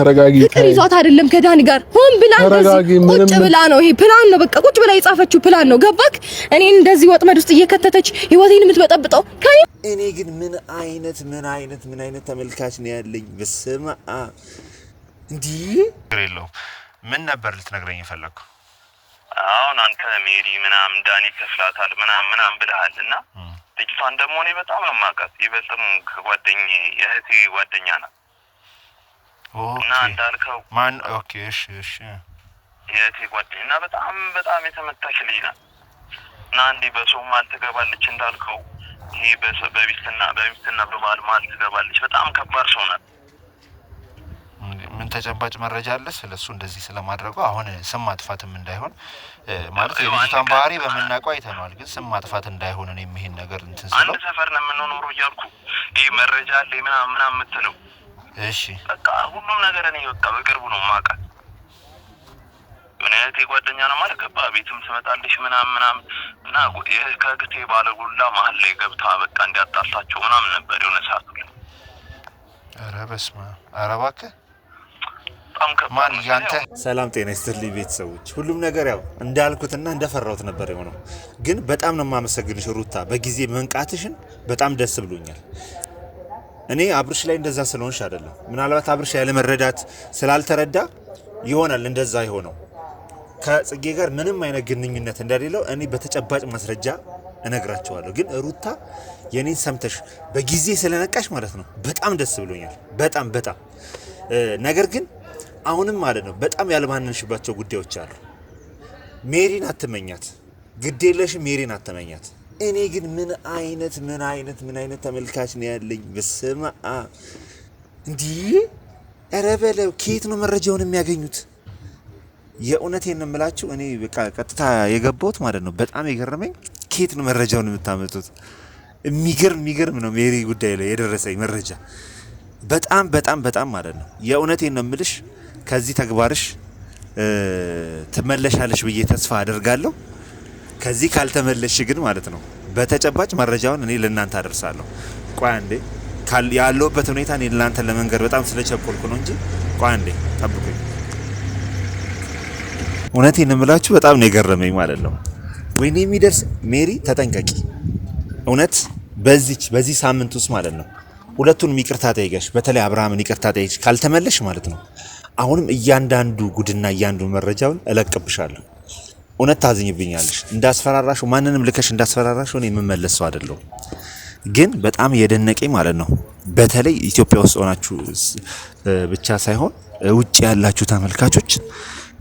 ተረጋጊ። ፍቅር ይዟት አይደለም ከዳኒ ጋር ሆን ብላ ቁጭ ብላ ነው። ይሄ ፕላን ነው፣ በቃ ቁጭ ብላ የጻፈችው ፕላን ነው። ገባክ? እኔ እንደዚህ ወጥመድ ውስጥ እየከተተች ህይወቴን የምትበጠብጠው እኔ ግን ምን አይነት ምን አይነት ምን አይነት ተመልካች ነው ያለኝ? በስመ አብ እንዲህ የለውም። ምን ነበር ልትነግረኝ የፈለግከው? አሁን አንተ ሜሪ ምናምን ዳኒ ከፍላታል ምናምን ምናምን ብለሃል እና ልጅቷን ደግሞ እኔ በጣም ነው የማውቃት። ይበልጥም ጓደኛዬ የእህቴ ጓደኛ ናት እና እንዳልከው ማን ኦኬ፣ እሺ፣ እሺ፣ ጓደኛ እና በጣም በጣም የተመታች ልጅ ናት። እና እንዲህ በሰው መሀል ትገባለች እንዳልከው ይሄ በሚስትና በሚስትና በባል መሀል ትገባለች። በጣም ከባድ ሰው ናት። ምን ተጨባጭ መረጃ አለ ስለ እሱ እንደዚህ ስለማድረጉ? አሁን ስም ማጥፋትም እንዳይሆን ማለት የልጅቷን ባህሪ በምናውቀው አይተነዋል፣ ግን ስም ማጥፋት እንዳይሆን ነው የሚሄን ነገር እንትን ስለው አንድ ሰፈር ነው የምንኖረው እያልኩ ይህ መረጃ አለ ምናምን ምናምን የምትለው እሺ በቃ ሁሉም ነገር እኔ በቃ በቅርቡ ነው የማውቃት። የእህቴ ጓደኛ ነው ማለት ገባ ቤትም ትመጣለች ምናም ምናም እና ከእህቴ ባለጉላ መሀል ላይ ገብታ በቃ እንዲያጣላቸው ምናም ነበር የሆነ ሰዓቱ ላይ። ኧረ በስመ አብ! ኧረ እባክህ ሰላም ጤና ይስጥልኝ ቤተሰቦች። ሁሉም ነገር ያው እንዳልኩትና እንደፈራሁት ነበር የሆነው። ግን በጣም ነው የማመሰግንሽ ሩታ፣ በጊዜ መንቃትሽን በጣም ደስ ብሎኛል። እኔ አብርሽ ላይ እንደዛ ስለሆንሽ አይደለም። ምናልባት አብርሽ ያለመረዳት ስላልተረዳ ይሆናል እንደዛ የሆነው። ከጽጌ ጋር ምንም አይነት ግንኙነት እንደሌለው እኔ በተጨባጭ ማስረጃ እነግራቸዋለሁ። ግን ሩታ የኔን ሰምተሽ በጊዜ ስለነቃሽ ማለት ነው በጣም ደስ ብሎኛል። በጣም በጣም ነገር ግን አሁንም ማለት ነው በጣም ያልማነንሽባቸው ጉዳዮች አሉ። ሜሪን አትመኛት፣ ግዴለሽ ሜሪን አትመኛት። እኔ ግን ምን አይነት ምን አይነት ምን አይነት ተመልካች ነው ያለኝ? በስመ አብ እንዲህ ኧረ በለው። ከየት ነው መረጃውን የሚያገኙት? የእውነቴን ነው እኔ በቃ ቀጥታ የገባሁት ማለት ነው። በጣም የገረመኝ ከየት ነው መረጃውን የምታመጡት? የሚገርም የሚገርም ነው። ሜሪ ጉዳይ ላይ የደረሰኝ መረጃ በጣም በጣም በጣም ማለት ነው። የእውነቴን ነው የምልሽ ከዚህ ተግባርሽ ትመለሻለሽ ብዬ ተስፋ አደርጋለሁ። ከዚህ ካልተመለሽ ግን ማለት ነው በተጨባጭ መረጃውን እኔ ለእናንተ አደርሳለሁ። ቆይ አንዴ ያለውበት ሁኔታ እኔ ለእናንተ ለመንገድ በጣም ስለቸኮልኩ ነው እንጂ ቆይ አንዴ ጠብቁኝ። እውነቴን እምላችሁ በጣም ነው የገረመኝ ማለት ነው። ወይኔ የሚደርስ ሜሪ ተጠንቀቂ። እውነት በዚች በዚህ ሳምንት ውስጥ ማለት ነው ሁለቱንም ይቅርታ ጠይቀሽ፣ በተለይ አብርሃምን ይቅርታ ጠይቀሽ ካልተመለሽ ማለት ነው አሁንም እያንዳንዱ ጉድና እያንዱ መረጃውን እለቅብሻለሁ። እውነት ታዝኝብኛለሽ። እንዳስፈራራሽው ማንንም ልከሽ እንዳስፈራራሽው እኔ የምመለስ ሰው ግን በጣም የደነቀኝ ማለት ነው በተለይ ኢትዮጵያ ውስጥ ሆናችሁ ብቻ ሳይሆን ውጭ ያላችሁ ተመልካቾች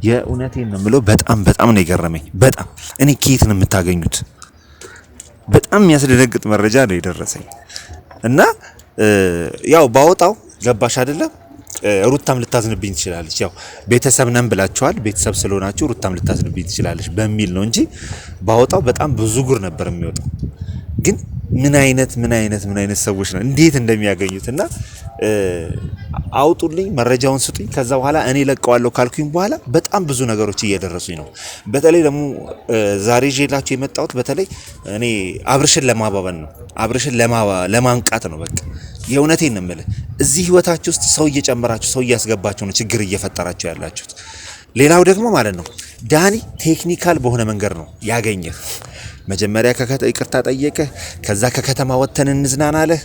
የእውነቴን ነው የምለው። በጣም በጣም ነው የገረመኝ። በጣም እኔ ከየት ነው የምታገኙት? በጣም የሚያስደነግጥ መረጃ ነው የደረሰኝ እና ያው ባወጣው ገባሽ አይደለም ሩታም ልታዝንብኝ ትችላለች። ያው ቤተሰብ ነን ብላችኋል፣ ቤተሰብ ስለሆናችሁ ሩታም ልታዝንብኝ ትችላለች በሚል ነው እንጂ ባወጣው በጣም ብዙ ጉር ነበር የሚወጣው ግን ምን አይነት ምን አይነት ምን አይነት ሰዎች ነው እንዴት እንደሚያገኙት እና አውጡልኝ፣ መረጃውን ስጡኝ። ከዛ በኋላ እኔ ለቀዋለሁ ካልኩኝ በኋላ በጣም ብዙ ነገሮች እየደረሱኝ ነው። በተለይ ደግሞ ዛሬ ይዤላችሁ የመጣሁት በተለይ እኔ አብርሽን ለማባበን ነው፣ አብርሽን ለማንቃት ነው። በቃ የእውነቴ ነው የምልህ። እዚህ ህይወታችሁ ውስጥ ሰው እየጨመራችሁ ሰው እያስገባችሁ ነው ችግር እየፈጠራችሁ ያላችሁት። ሌላው ደግሞ ማለት ነው ዳኒ ቴክኒካል በሆነ መንገድ ነው ያገኘህ መጀመሪያ ይቅርታ ጠየቀ፣ ከዛ ከከተማ ወጥተን እንዝናናለህ።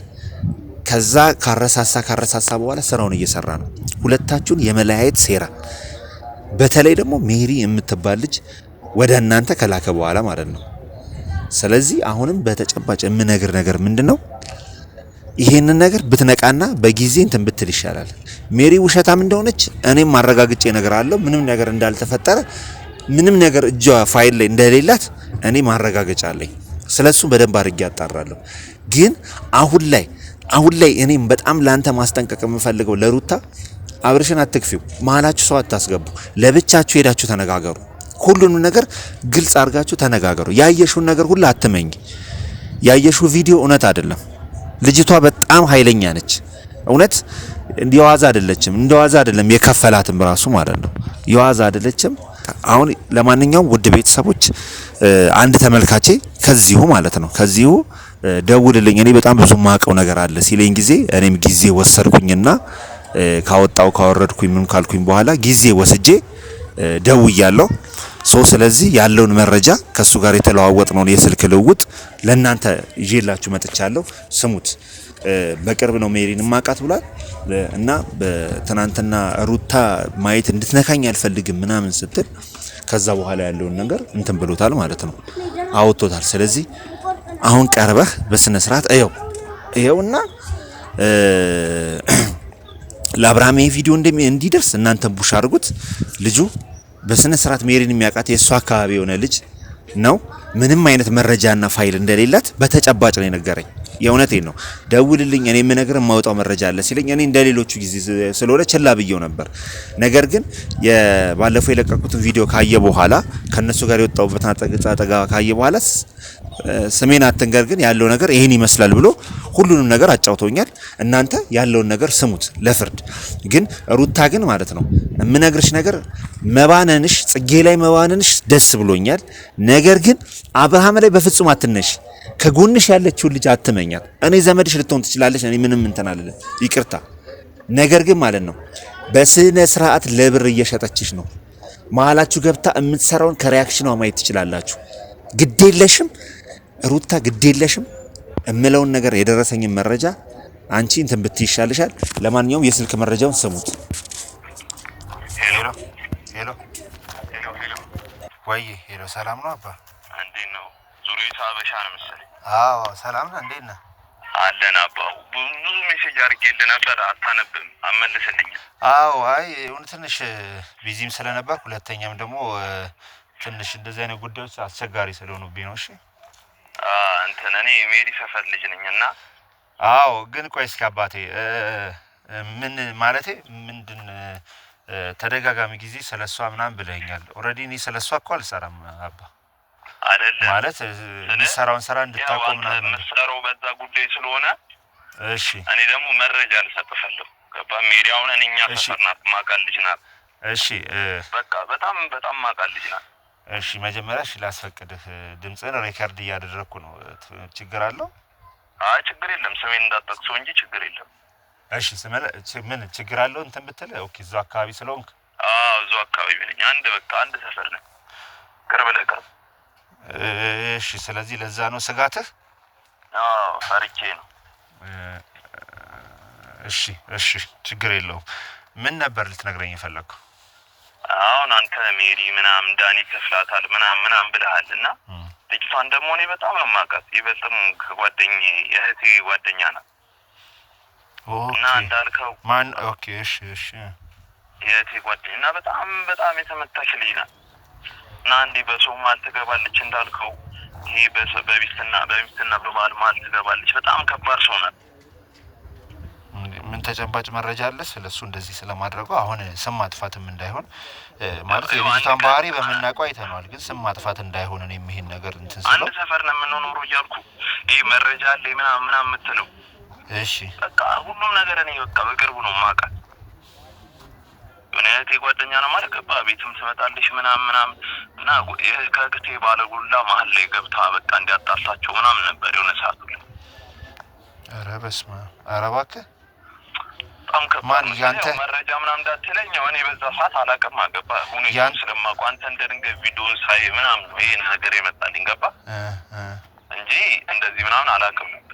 ከዛ ካረሳሳ ካረሳሳ በኋላ ስራውን እየሰራ ነው። ሁለታችሁን የመለያየት ሴራ፣ በተለይ ደግሞ ሜሪ የምትባል ልጅ ወደ እናንተ ከላከ በኋላ ማለት ነው። ስለዚህ አሁንም በተጨባጭ የምነግር ነገር ምንድን ነው? ይሄንን ነገር ብትነቃና በጊዜ እንትን ብትል ይሻላል። ሜሪ ውሸታም እንደሆነች እኔም ማረጋግጬ ነገር አለው ምንም ነገር እንዳልተፈጠረ ምንም ነገር እጇ ፋይል ላይ እንደሌላት እኔ ማረጋገጫ አለኝ። ስለ እሱ በደንብ አድርጌ ያጣራለሁ። ግን አሁን ላይ አሁን ላይ እኔም በጣም ለአንተ ማስጠንቀቅ የምፈልገው ለሩታ አብርሽን አትክፊው፣ መሀላችሁ ሰው አታስገቡ። ለብቻችሁ ሄዳችሁ ተነጋገሩ። ሁሉንም ነገር ግልጽ አድርጋችሁ ተነጋገሩ። ያየሽውን ነገር ሁሉ አትመኝ። ያየሽው ቪዲዮ እውነት አይደለም። ልጅቷ በጣም ኃይለኛ ነች። እውነት እንዲዋዛ አይደለችም። እንደዋዛ አይደለም የከፈላትም ራሱ ማለት ነው። የዋዛ አይደለችም። አሁን ለማንኛውም ውድ ቤተሰቦች አንድ ተመልካቼ ከዚሁ ማለት ነው ከዚሁ ደውልልኝ እኔ በጣም ብዙ ማቀው ነገር አለ ሲለኝ ጊዜ እኔም ጊዜ ወሰድኩኝና ካወጣው ካወረድኩኝ ምን ካልኩኝ በኋላ ጊዜ ወስጄ ደውያለሁ። ሶ ስለዚህ ያለውን መረጃ ከእሱ ጋር የተለዋወጥ ነውን የስልክ ልውውጥ ለእናንተ ይዤላችሁ መጥቻለሁ። ስሙት። በቅርብ ነው ሜሪን ማቃት ብሏል እና በትናንትና ሩታ ማየት እንድትነካኝ አልፈልግም ምናምን ስትል ከዛ በኋላ ያለውን ነገር እንትን ብሎታል ማለት ነው፣ አውጥቶታል። ስለዚህ አሁን ቀርበህ በስነ ስርዓት እየው እየውና ለአብርሃም ይሄ ቪዲዮ እንዲደርስ እናንተ ቡሽ አድርጉት። ልጁ በስነ ስርዓት ሜሪን የሚያውቃት የእሷ አካባቢ የሆነ ልጅ ነው። ምንም አይነት መረጃና ፋይል እንደሌላት በተጨባጭ ነው የነገረኝ። የእውነቴን ነው። ደውልልኝ፣ እኔ የምነግር የማወጣው መረጃ አለ ሲለኝ እኔ እንደሌሎቹ ጊዜ ስለሆነ ችላ ብየው ነበር። ነገር ግን ባለፈው የለቀቁትን ቪዲዮ ካየ በኋላ ከእነሱ ጋር የወጣሁበትን አጠጋ ካየ በኋላ ስሜን አትንገር፣ ግን ያለው ነገር ይህን ይመስላል ብሎ ሁሉንም ነገር አጫውቶኛል። እናንተ ያለውን ነገር ስሙት ለፍርድ። ግን ሩታ ግን ማለት ነው የምነግርሽ ነገር መባነንሽ፣ ጽጌ ላይ መባነንሽ ደስ ብሎኛል። ነገር ግን አብርሃም ላይ በፍጹም አትነሽ። ከጎንሽ ያለችውን ልጅ አትመኛት። እኔ ዘመድሽ ልትሆን ትችላለች። እኔ ምንም እንትን አልልም፣ ይቅርታ። ነገር ግን ማለት ነው በስነ ስርዓት ለብር እየሸጠችሽ ነው። መሀላችሁ ገብታ የምትሰራውን ከሪያክሽኗ ማየት ትችላላችሁ። ግዴለሽም ሩታ፣ ግዴለሽም እምለውን ነገር የደረሰኝን መረጃ አንቺ እንትን ብት ይሻልሻል። ለማንኛውም የስልክ መረጃውን ስሙት። ሄሎ፣ ሄሎ፣ ሄሎ፣ ሄሎ፣ ሰላም ነው አባ እንዴት ነው? ዙሬቱ አበሻ ነው መሰለኝ። አዎ ሰላም ነህ? እንዴት ነህ? አለን አባው። ብዙ ሜሴጅ አድርጌልህ ነበር አታነብም፣ አመልስልኝም። አዎ አይ ትንሽ ቢዚም ስለነበር ሁለተኛም ደግሞ ትንሽ እንደዚህ አይነት ጉዳዮች አስቸጋሪ ስለሆኑብኝ ነው። እሺ እንትን እኔ ሜሪ ሰፈር ልጅ ነኝ እና አዎ። ግን ቆይ እስኪ አባቴ ምን ማለቴ ምንድን ተደጋጋሚ ጊዜ ስለሷ ምናምን ብለኛል። ኦልሬዲ እኔ ስለሷ እኮ አልሰራም አባ አይደለም ማለት የሚሰራውን ስራ እንድታቆም ነው የምትሰራው በዛ ጉዳይ ስለሆነ እሺ እኔ ደግሞ መረጃ ልሰጥፈለሁ እፈልጋለሁ ገባ ሜዲያውን እኛ ሰፈር ናት ማቃል ልጅ ናት እሺ በቃ በጣም በጣም ማቃል ልጅ ናት እሺ መጀመሪያ እሺ ላስፈቅድህ ድምፅን ሬከርድ እያደረግኩ ነው ችግር አለው አይ ችግር የለም ስሜን እንዳጠቅሰው እንጂ ችግር የለም እሺ ምን ችግር አለው እንትን ብትል ኦኬ እዛው አካባቢ ስለሆንክ አዎ እዛው አካባቢ ነኝ አንድ በቃ አንድ ሰፈር ነኝ ቅርብ ለቅርብ እሺ። ስለዚህ ለዛ ነው ስጋትህ? ፈርቼ ነው። እሺ፣ እሺ፣ ችግር የለውም። ምን ነበር ልትነግረኝ የፈለግከው? አሁን አንተ ሜሪ ምናምን ዳኒ ከፍላታል ምናምን ምናምን ብለሃል እና ልጅቷን ደግሞ እኔ በጣም ነው የማውቃት። ይበልጥም ጓደኛ የእህቴ ጓደኛ ናት እና እንዳልከው ማን ኦኬ፣ እሺ፣ እሺ፣ የእህቴ ጓደኛ እና በጣም በጣም የተመታች ልጅ ናት። እና እንዴ በሰው መሀል ትገባለች እንዳልከው ይሄ በሚስትና በሚስትና በባል መሀል ትገባለች። በጣም ከባድ ሰው ናት። ምን ተጨባጭ መረጃ አለ ስለ እሱ እንደዚህ ስለማድረጉ? አሁን ስም ማጥፋትም እንዳይሆን ማለት የልጅቷን ባህሪ በምናውቀው አይተነዋል፣ ግን ስም ማጥፋት እንዳይሆን ነው የሚሄን ነገር እንትን ስለው አንድ ሰፈር ነው የምንኖረው እያልኩ ይህ መረጃ አለ ምናምን ምናምን የምትለው እሺ፣ በቃ ሁሉም ነገር እኔ በቃ በቅርቡ ነው የማውቃት። ምን አይነት የጓደኛ ነው ማለት ገባ ቤትም ትመጣለች ምናምን ምናምን እና ከእህቴ ባለጉላ መሀል ላይ ገብታ በቃ እንዲያጣላቸው ምናምን ነበር የሆነ ሰዓቱ ላይ። ኧረ በስመ አብ! ኧረ እባክህ በጣም ከባድ መረጃ ምናምን እንዳትለኝ። እኔ በዛ ሰዓት አላውቅም አገባ ሁኔታውን ስለማውቀው አንተ እንደ ድንገት ቪዲዮን ሳይ ምናምን ነው ይሄ ነገር የመጣልኝ ገባ እንጂ እንደዚህ ምናምን አላውቅም ነበር።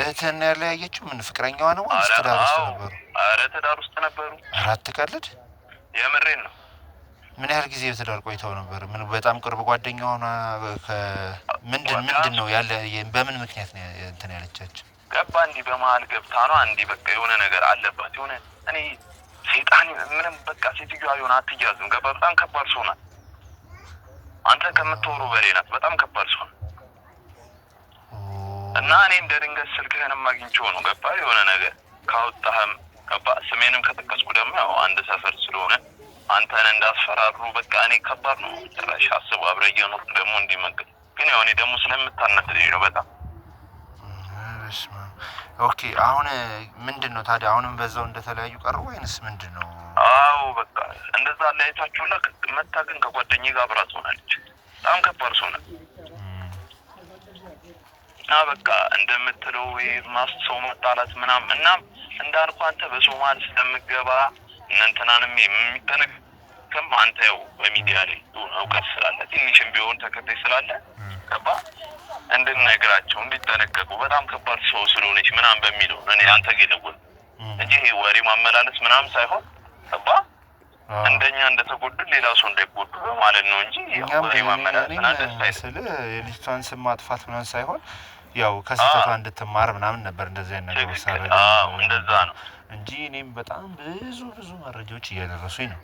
እህትህን ያለያየችው ምን ፍቅረኛዋ ነው ወይስ ትዳር ውስጥ ነበሩ? ኧረ ትዳር ውስጥ ነበሩ። ኧረ አትቀልድ፣ የምሬን ነው ምን ያህል ጊዜ በትዳር ቆይተው ነበር? ምን በጣም ቅርብ ጓደኛ ሆና ምንድን ምንድን ነው ያለ? በምን ምክንያት ነው እንትን ያለቻቸው? ገባ እንዲህ በመሀል ገብታ ነው አንዲ በቃ የሆነ ነገር አለባት የሆነ እኔ ሴጣን ምንም በቃ ሴትዮዋ የሆነ አትያዝም። ገባ በጣም ከባድ ሰው ናት። አንተ ከምትወሩ በሌ ናት። በጣም ከባድ ሰው ናት። እና እኔ እንደ ድንገት ስልክህንም አግኝቼው ነው ገባ የሆነ ነገር ካወጣህም ገባ ስሜንም ከጠቀስኩ ደግሞ ያው አንድ ሰፈር ስለሆነ አንተን እንዳስፈራሩ በቃ እኔ ከባድ ነው ጭራሽ አስቡ። አብረ እየኖር ደግሞ እንዲመግብ ግን ያው እኔ ደግሞ ስለምታነት ልጅ ነው በጣም ኦኬ። አሁን ምንድን ነው ታዲያ አሁንም በዛው እንደተለያዩ ቀሩ ወይንስ ምንድን ነው? አዎ በቃ እንደዛ አለያየታችሁላ። መታ ግን ከጓደኛ ጋር አብራ ትሆናለች። በጣም ከባድ ሰው ነው እና በቃ እንደምትለው ማስ ሰው መጣላት ምናም እናም እንዳልኩ አንተ በሶማል ስለምገባ እነንትናንም የሚተነግ ስትታከም አንተ ያው በሚዲያ ላይ እውቀት ስላለ ትንሽም ቢሆን ተከታይ ስላለ ገባ እንድንነግራቸው እንዲጠነቀቁ በጣም ከባድ ሰው ስለሆነች ምናምን በሚለው እኔ አንተ ጌለጎል እንጂ ይሄ ወሬ ማመላለስ ምናምን ሳይሆን ገባ እንደኛ እንደተጎዱ ሌላ ሰው እንዳይጎዱ በማለት ነው እንጂ ወሬ ማመላለስና የልጅቷን ስም ማጥፋት ምናምን ሳይሆን ያው ከስህተቷ እንድትማር ምናምን ነበር እንደዚህ አይነት ነገር ሳረ እንደዛ ነው እንጂ እኔም በጣም ብዙ ብዙ መረጃዎች እያደረሱኝ ነው።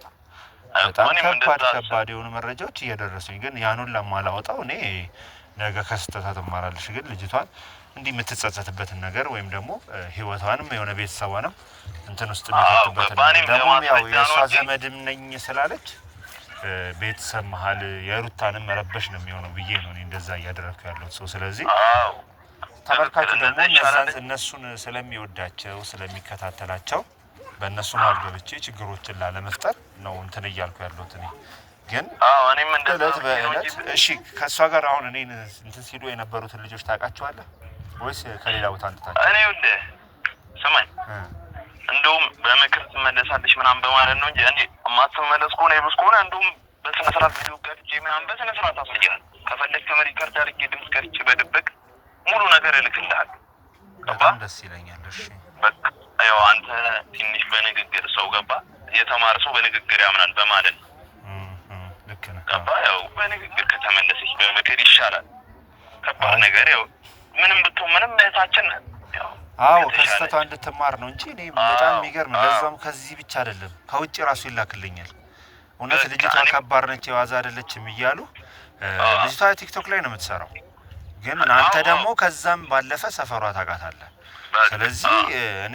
በጣም ከባድ ከባድ የሆኑ መረጃዎች እየደረሱኝ ግን ያኑን ለማላወጣው እኔ ነገ ከስተታ ትማራለች። ግን ልጅቷን እንዲህ የምትጸጸትበትን ነገር ወይም ደግሞ ህይወቷንም የሆነ ቤተሰቧንም እንትን ውስጥ የሚከትበትን ደግሞ ያው የእሷ ዘመድም ነኝ ስላለች ቤተሰብ መሀል የሩታንም መረበሽ ነው የሚሆነው ብዬ ነው እንደዛ እያደረግኩ ያለሁት ሰው። ስለዚህ ተመልካቹ ደግሞ እነሱን ስለሚወዳቸው ስለሚከታተላቸው በእነሱ መሀል ገብቼ ችግሮችን ላለመፍጠር ነው እንትን እያልኩ ያለሁት እኔ ግን እኔም እለት በእለት እሺ፣ ከእሷ ጋር አሁን እኔ እንትን ሲሉ የነበሩትን ልጆች ታውቃቸዋለህ ወይስ ከሌላ ቦታ አንጥታቸው? እኔ ውድ ስማኝ፣ እንደውም በምክር ትመለሳለች ምናምን በማለት ነው እንጂ እኔ የማትመለስ ከሆነ የብስ ከሆነ እንደውም በስነስርዓት ቪዲዮ ቀርጬ ምናምን በስነስርዓት አስያል ከፈለግ ከመሪከርድ አድርጌ ድምፅ ቀርጬ በድብቅ ሙሉ ነገር እልክልሃል። በጣም ደስ ይለኛል። እሺ በቃ ያው አንተ የተማረ ሰው በንግግር ያምናል በማለት ነው። ገባ ያው በንግግር ከተመለሰች በምክር ይሻላል። ከባድ ነገር ያው ምንም ብትሆን ምንም እህታችን ናት። አዎ ከስተቷ እንድትማር ነው እንጂ እኔ በጣም የሚገርም ለዛም፣ ከዚህ ብቻ አይደለም ከውጭ ራሱ ይላክልኛል። እውነት ልጅቷ ከባድ ነች፣ የዋዛ አይደለችም እያሉ ልጅቷ ቲክቶክ ላይ ነው የምትሰራው። ግን አንተ ደግሞ ከዛም ባለፈ ሰፈሯ ታውቃታለህ ስለዚህ እኔ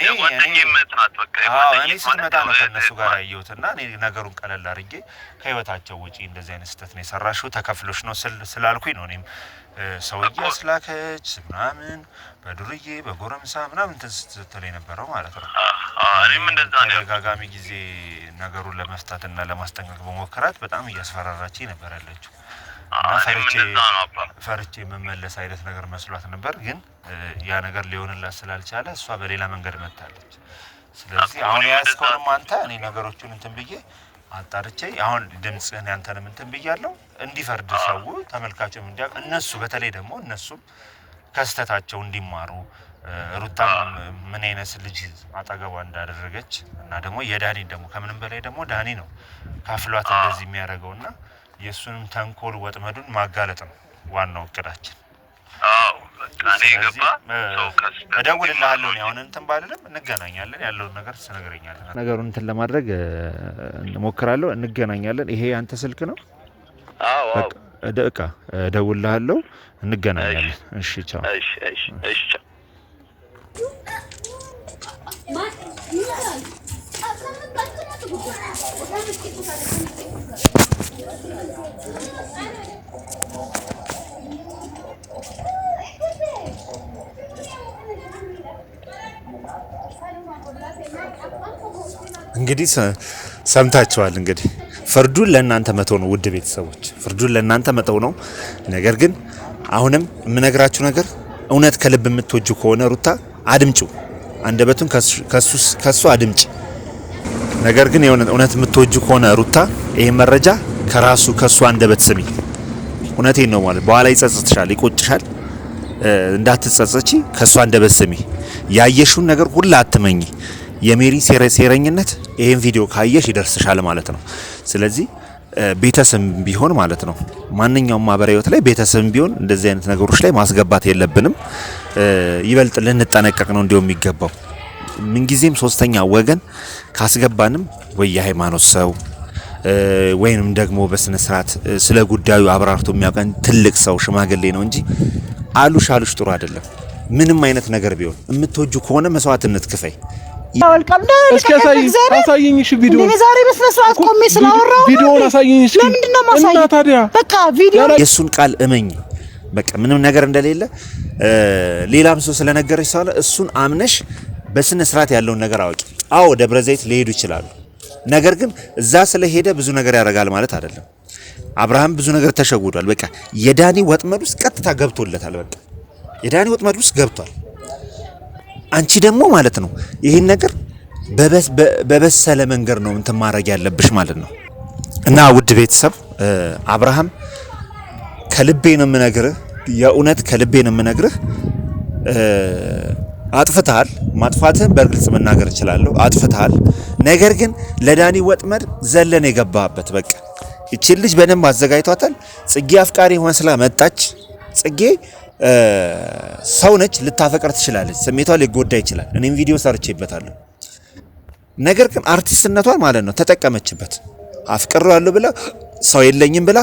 እኔ ስትመጣ ነው ከእነሱ ጋር ያየሁት እና እኔ ነገሩን ቀለል አድርጌ ከህይወታቸው ውጪ እንደዚህ አይነት ስህተት ነው የሰራሽው ተከፍሎሽ ነው ስላልኩኝ ነው እኔም ሰውዬ አስላከች ምናምን በዱርዬ በጎረምሳ ምናምን እንትን ስትል የነበረው ማለት ነው። ተደጋጋሚ ጊዜ ነገሩን ለመፍታት እና ለማስጠንቀቅ በሞከራት በጣም እያስፈራራች ነበር ያለችው። ፈርቼ የምመለስ አይነት ነገር መስሏት ነበር። ግን ያ ነገር ሊሆንላት ስላልቻለ እሷ በሌላ መንገድ መታለች። ስለዚህ አሁን የያዝከውንም አንተ እኔ ነገሮቹን እንትን ብዬ አጣርቼ አሁን ድምፅህን ያንተንም እንትን ብያለው እንዲፈርድ ሰው ተመልካችም እንዲያ እነሱ በተለይ ደግሞ እነሱም ከስተታቸው እንዲማሩ ሩታም ምን አይነት ልጅ አጠገቧ እንዳደረገች እና ደግሞ የዳኒ ደግሞ ከምንም በላይ ደግሞ ዳኒ ነው ካፍሏት እንደዚህ እና የእሱንም ተንኮል ወጥመዱን ማጋለጥ ነው ዋናው እቅዳችን። እደውልልሃለሁ። አሁን እንትን ባልልም እንገናኛለን፣ ያለውን ነገር ትነግረኛለህ። ነገሩን እንትን ለማድረግ እንሞክራለሁ፣ እንገናኛለን። ይሄ አንተ ስልክ ነው? እቃ እደውልልሃለሁ፣ እንገናኛለን። እሺ፣ ቻው። እሺ እንግዲህ ሰምታችኋል። እንግዲህ ፍርዱን ለእናንተ መተው ነው። ውድ ቤተሰቦች ፍርዱን ለእናንተ መተው ነው። ነገር ግን አሁንም የምነግራችሁ ነገር እውነት ከልብ የምትወጁ ከሆነ ሩታ አድምጩ፣ አንደበቱን ከሱ አድምጭ። ነገር ግን የሆነ እውነት የምትወጁ ከሆነ ሩታ ይሄን መረጃ ከራሱ ከእሱ አንደበት ስሚ። እውነቴን ነው ማለት በኋላ ይጸጽትሻል፣ ይቆጭሻል። እንዳትጸጸቺ ከእሱ አንደበት ስሚ። ያየሽውን ነገር ሁላ አትመኝ። የሜሪ ሴረኝነት ይህን ቪዲዮ ካየሽ ይደርስሻል ማለት ነው። ስለዚህ ቤተሰብ ቢሆን ማለት ነው ማንኛውም ማህበራዊ ህይወት ላይ ቤተሰብ ቢሆን እንደዚህ አይነት ነገሮች ላይ ማስገባት የለብንም። ይበልጥ ልንጠነቀቅ ነው እንዲሁም የሚገባው ምንጊዜም ሶስተኛ ወገን ካስገባንም ወይ የሃይማኖት ሰው ወይንም ደግሞ በስነ ስርዓት ስለ ጉዳዩ አብራርቶ የሚያውቀን ትልቅ ሰው ሽማግሌ ነው እንጂ አሉሽ አሉሽ ጥሩ አይደለም። ምንም አይነት ነገር ቢሆን የምትወጁ ከሆነ መስዋዕትነት ክፈይ። የእሱን ቃል እመኝ በቃ ምንም ነገር እንደሌለ ሌላም ሰው ስለነገረች ሳለ እሱን አምነሽ በስነ ስርዓት ያለውን ነገር አወቂ። አዎ ደብረ ዘይት ሊሄዱ ይችላሉ። ነገር ግን እዛ ስለሄደ ብዙ ነገር ያደርጋል ማለት አይደለም። አብርሃም ብዙ ነገር ተሸውዷል። በቃ የዳኒ ወጥመድ ውስጥ ቀጥታ ገብቶለታል። በቃ የዳኒ ወጥመድ ውስጥ ገብቷል። አንቺ ደግሞ ማለት ነው ይህን ነገር በበሰለ መንገድ ነው እንትን ማድረግ ያለብሽ ማለት ነው። እና ውድ ቤተሰብ አብርሃም ከልቤ ነው የምነግርህ፣ የእውነት ከልቤ ነው የምነግርህ አጥፍታል። ማጥፋትህን በግልጽ መናገር እችላለሁ። አጥፍታል። ነገር ግን ለዳኒ ወጥመድ ዘለን የገባበት በቃ እቺን ልጅ በደንብ አዘጋጅቷታል። ጽጌ አፍቃሪ ስላ መጣች። ጽጌ ሰው ነች፣ ልታፈቅር ትችላለች፣ ስሜቷ ሊጎዳ ይችላል። እኔም ቪዲዮ ሰርቼበታለሁ። ነገር ግን አርቲስትነቷን ማለት ነው ተጠቀመችበት። አፍቅሮ ያሉ ብላ ሰው የለኝም ብላ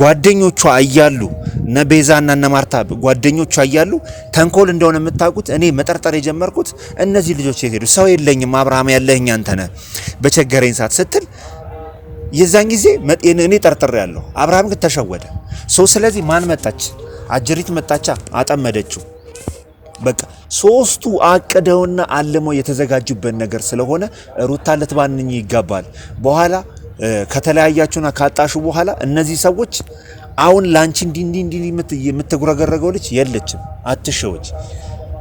ጓደኞቿ እያሉ እነ ቤዛና እነ ማርታ ጓደኞቿ እያሉ ተንኮል እንደሆነ የምታውቁት እኔ መጠርጠር የጀመርኩት እነዚህ ልጆች የት ሄዱ? ሰው የለኝም አብርሃም ያለህኝ አንተ ነህ በቸገረኝ ሰዓት ስትል የዛን ጊዜ እኔ ጠርጥሬ ያለሁ አብርሃም ግን ተሸወደ። ሰው ስለዚህ ማን መጣች? አጀሪት መጣቻ፣ አጠመደችው። በቃ ሶስቱ አቅደውና አልመው የተዘጋጁበት ነገር ስለሆነ ሩታ ልትባንኝ ይገባል። በኋላ ከተለያያችሁና ካጣሹ በኋላ እነዚህ ሰዎች አሁን ላንቺ እንዲ እንዲ እንዲ የምትጉረገረገው ልጅ የለችም፣ አትሸወች።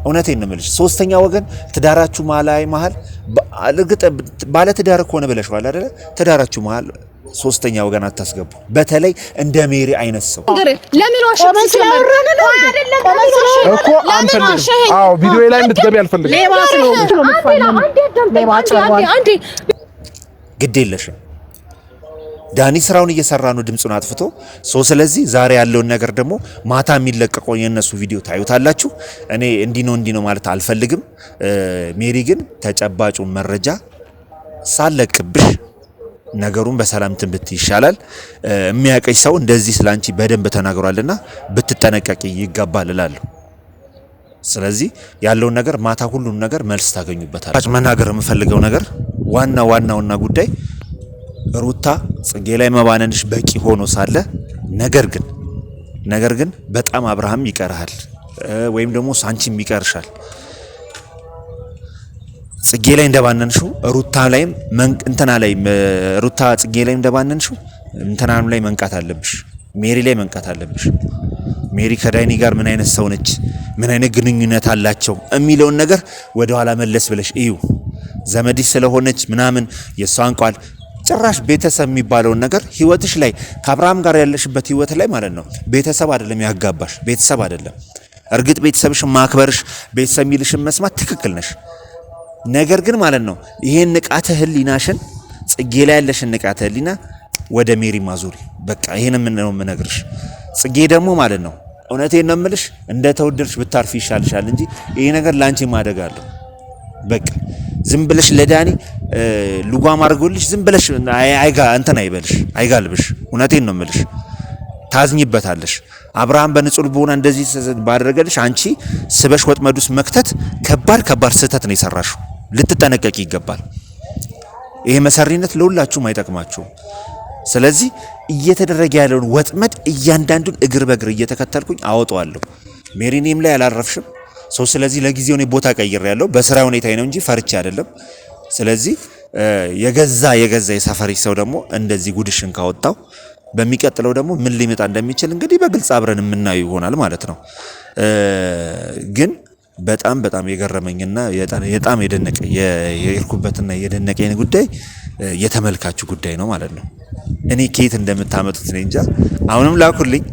እውነቴን ነው የምልሽ። ሶስተኛ ወገን ትዳራችሁ ማላይ መሀል እርግጥ ባለ ትዳር ከሆነ ብለሽዋል አይደለ? ትዳራችሁ መሀል ሶስተኛ ወገን አታስገቡ። በተለይ እንደ ሜሪ አይነት ሰው ለምን ቪዲዮ ላይ እንድትገቢ አልፈልግም። ግድ የለሽም ዳኒ ስራውን እየሰራ ነው፣ ድምፁን አጥፍቶ ሶ ስለዚህ ዛሬ ያለውን ነገር ደግሞ ማታ የሚለቀቀው የእነሱ ቪዲዮ ታዩታላችሁ። እኔ እንዲህ ነው እንዲህ ነው ማለት አልፈልግም። ሜሪ ግን ተጨባጩ መረጃ ሳለቅብሽ ነገሩን በሰላም ትንብት ይሻላል። የሚያቀኝ ሰው እንደዚህ ስላንቺ በደንብ ተናግሯልና ብትጠነቀቂ ይገባል እላለሁ። ስለዚህ ያለውን ነገር ማታ ሁሉም ነገር መልስ ታገኙበታል። መናገር የምፈልገው ነገር ዋና ዋናውና ጉዳይ ሩታ ጽጌ ላይ መባነንሽ በቂ ሆኖ ሳለ ነገር ግን ነገር ግን በጣም አብርሃም ይቀርሃል ወይም ደግሞ ሳንቺም ይቀርሻል። ጽጌ ላይ እንደባነንሽው ሩታ ላይም እንትና ላይ ሩታ ጽጌ ላይ እንደባነንሽው እንትናኑ ላይ መንቃት አለብሽ። ሜሪ ላይ መንቃት አለብሽ። ሜሪ ከዳይኒ ጋር ምን አይነት ሰው ነች፣ ምን አይነት ግንኙነት አላቸው የሚለውን ነገር ወደኋላ መለስ ብለሽ እዩ። ዘመድሽ ስለሆነች ምናምን የእሷን ቃል ጭራሽ ቤተሰብ የሚባለውን ነገር ህይወትሽ ላይ ከአብርሃም ጋር ያለሽበት ህይወት ላይ ማለት ነው ቤተሰብ አይደለም ያጋባሽ ቤተሰብ አይደለም። እርግጥ ቤተሰብሽን ማክበርሽ ቤተሰብ የሚልሽን መስማት ትክክል ነሽ። ነገር ግን ማለት ነው ይሄን ንቃተ ህሊናሽን ጽጌ ላይ ያለሽን ንቃተ ህሊና ወደ ሜሪ ማዙሪ። በቃ ይሄን ምን ነው የምነግርሽ። ጽጌ ደግሞ ማለት ነው እውነቴን ነው የምልሽ እንደ ተወደድሽ ብታርፊ ይሻልሻል እንጂ ይሄ ነገር ላንቺ ማደግ አለው በቃ ዝም ብለሽ ለዳኒ ልጓም አድርጎልሽ ዝም ብለሽ አይጋ እንትን አይበልሽ አይጋልብሽ። እውነቴን ነው የምልሽ፣ ታዝኝበታለሽ። አብርሃም በንጹህ ልቦና እንደዚህ ባደረገልሽ አንቺ ስበሽ ወጥመዱስ መክተት ከባድ ከባድ ስህተት ነው የሰራሽው። ልትጠነቀቂ ይገባል። ይሄ መሰሪነት ለሁላችሁም አይጠቅማችሁም። ስለዚህ እየተደረገ ያለውን ወጥመድ እያንዳንዱን እግር በእግር እየተከተልኩኝ አወጣዋለሁ። ሜሪኔም ላይ አላረፍሽም። ሰው ስለዚህ ለጊዜው እኔ ቦታ ቀይር ያለው በስራ ሁኔታ ነው እንጂ ፈርቼ አይደለም። ስለዚህ የገዛ የገዛ የሰፈሪ ሰው ደግሞ እንደዚህ ጉድሽን ካወጣው በሚቀጥለው ደግሞ ምን ሊመጣ እንደሚችል እንግዲህ በግልጽ አብረን የምናየው ይሆናል ማለት ነው። ግን በጣም በጣም የገረመኝና በጣም የደነቀ የሄድኩበትና የደነቀኝ ጉዳይ የተመልካቹ ጉዳይ ነው ማለት ነው። እኔ ከየት እንደምታመጡት እኔ እንጃ። አሁንም ላኩልኝ።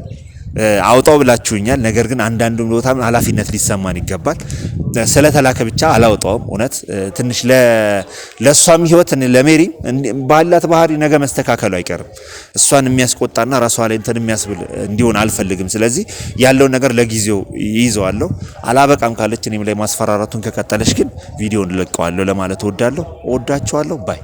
አውጣው ብላችሁኛል። ነገር ግን አንዳንዱ ቦታ ኃላፊነት ሊሰማን ይገባል። ስለተላከ ብቻ አላውጣውም። እውነት ትንሽ ለእሷም ህይወት ለሜሪ ባላት ባህሪ ነገ መስተካከሉ አይቀርም። እሷን የሚያስቆጣና ራሷ ላይ እንትን የሚያስብል እንዲሆን አልፈልግም። ስለዚህ ያለውን ነገር ለጊዜው ይይዘዋለሁ። አላበቃም ካለች እኔም ላይ ማስፈራራቱን ከቀጠለች ግን ቪዲዮን ለቀዋለሁ ለማለት እወዳለሁ። እወዳችኋለሁ ባይ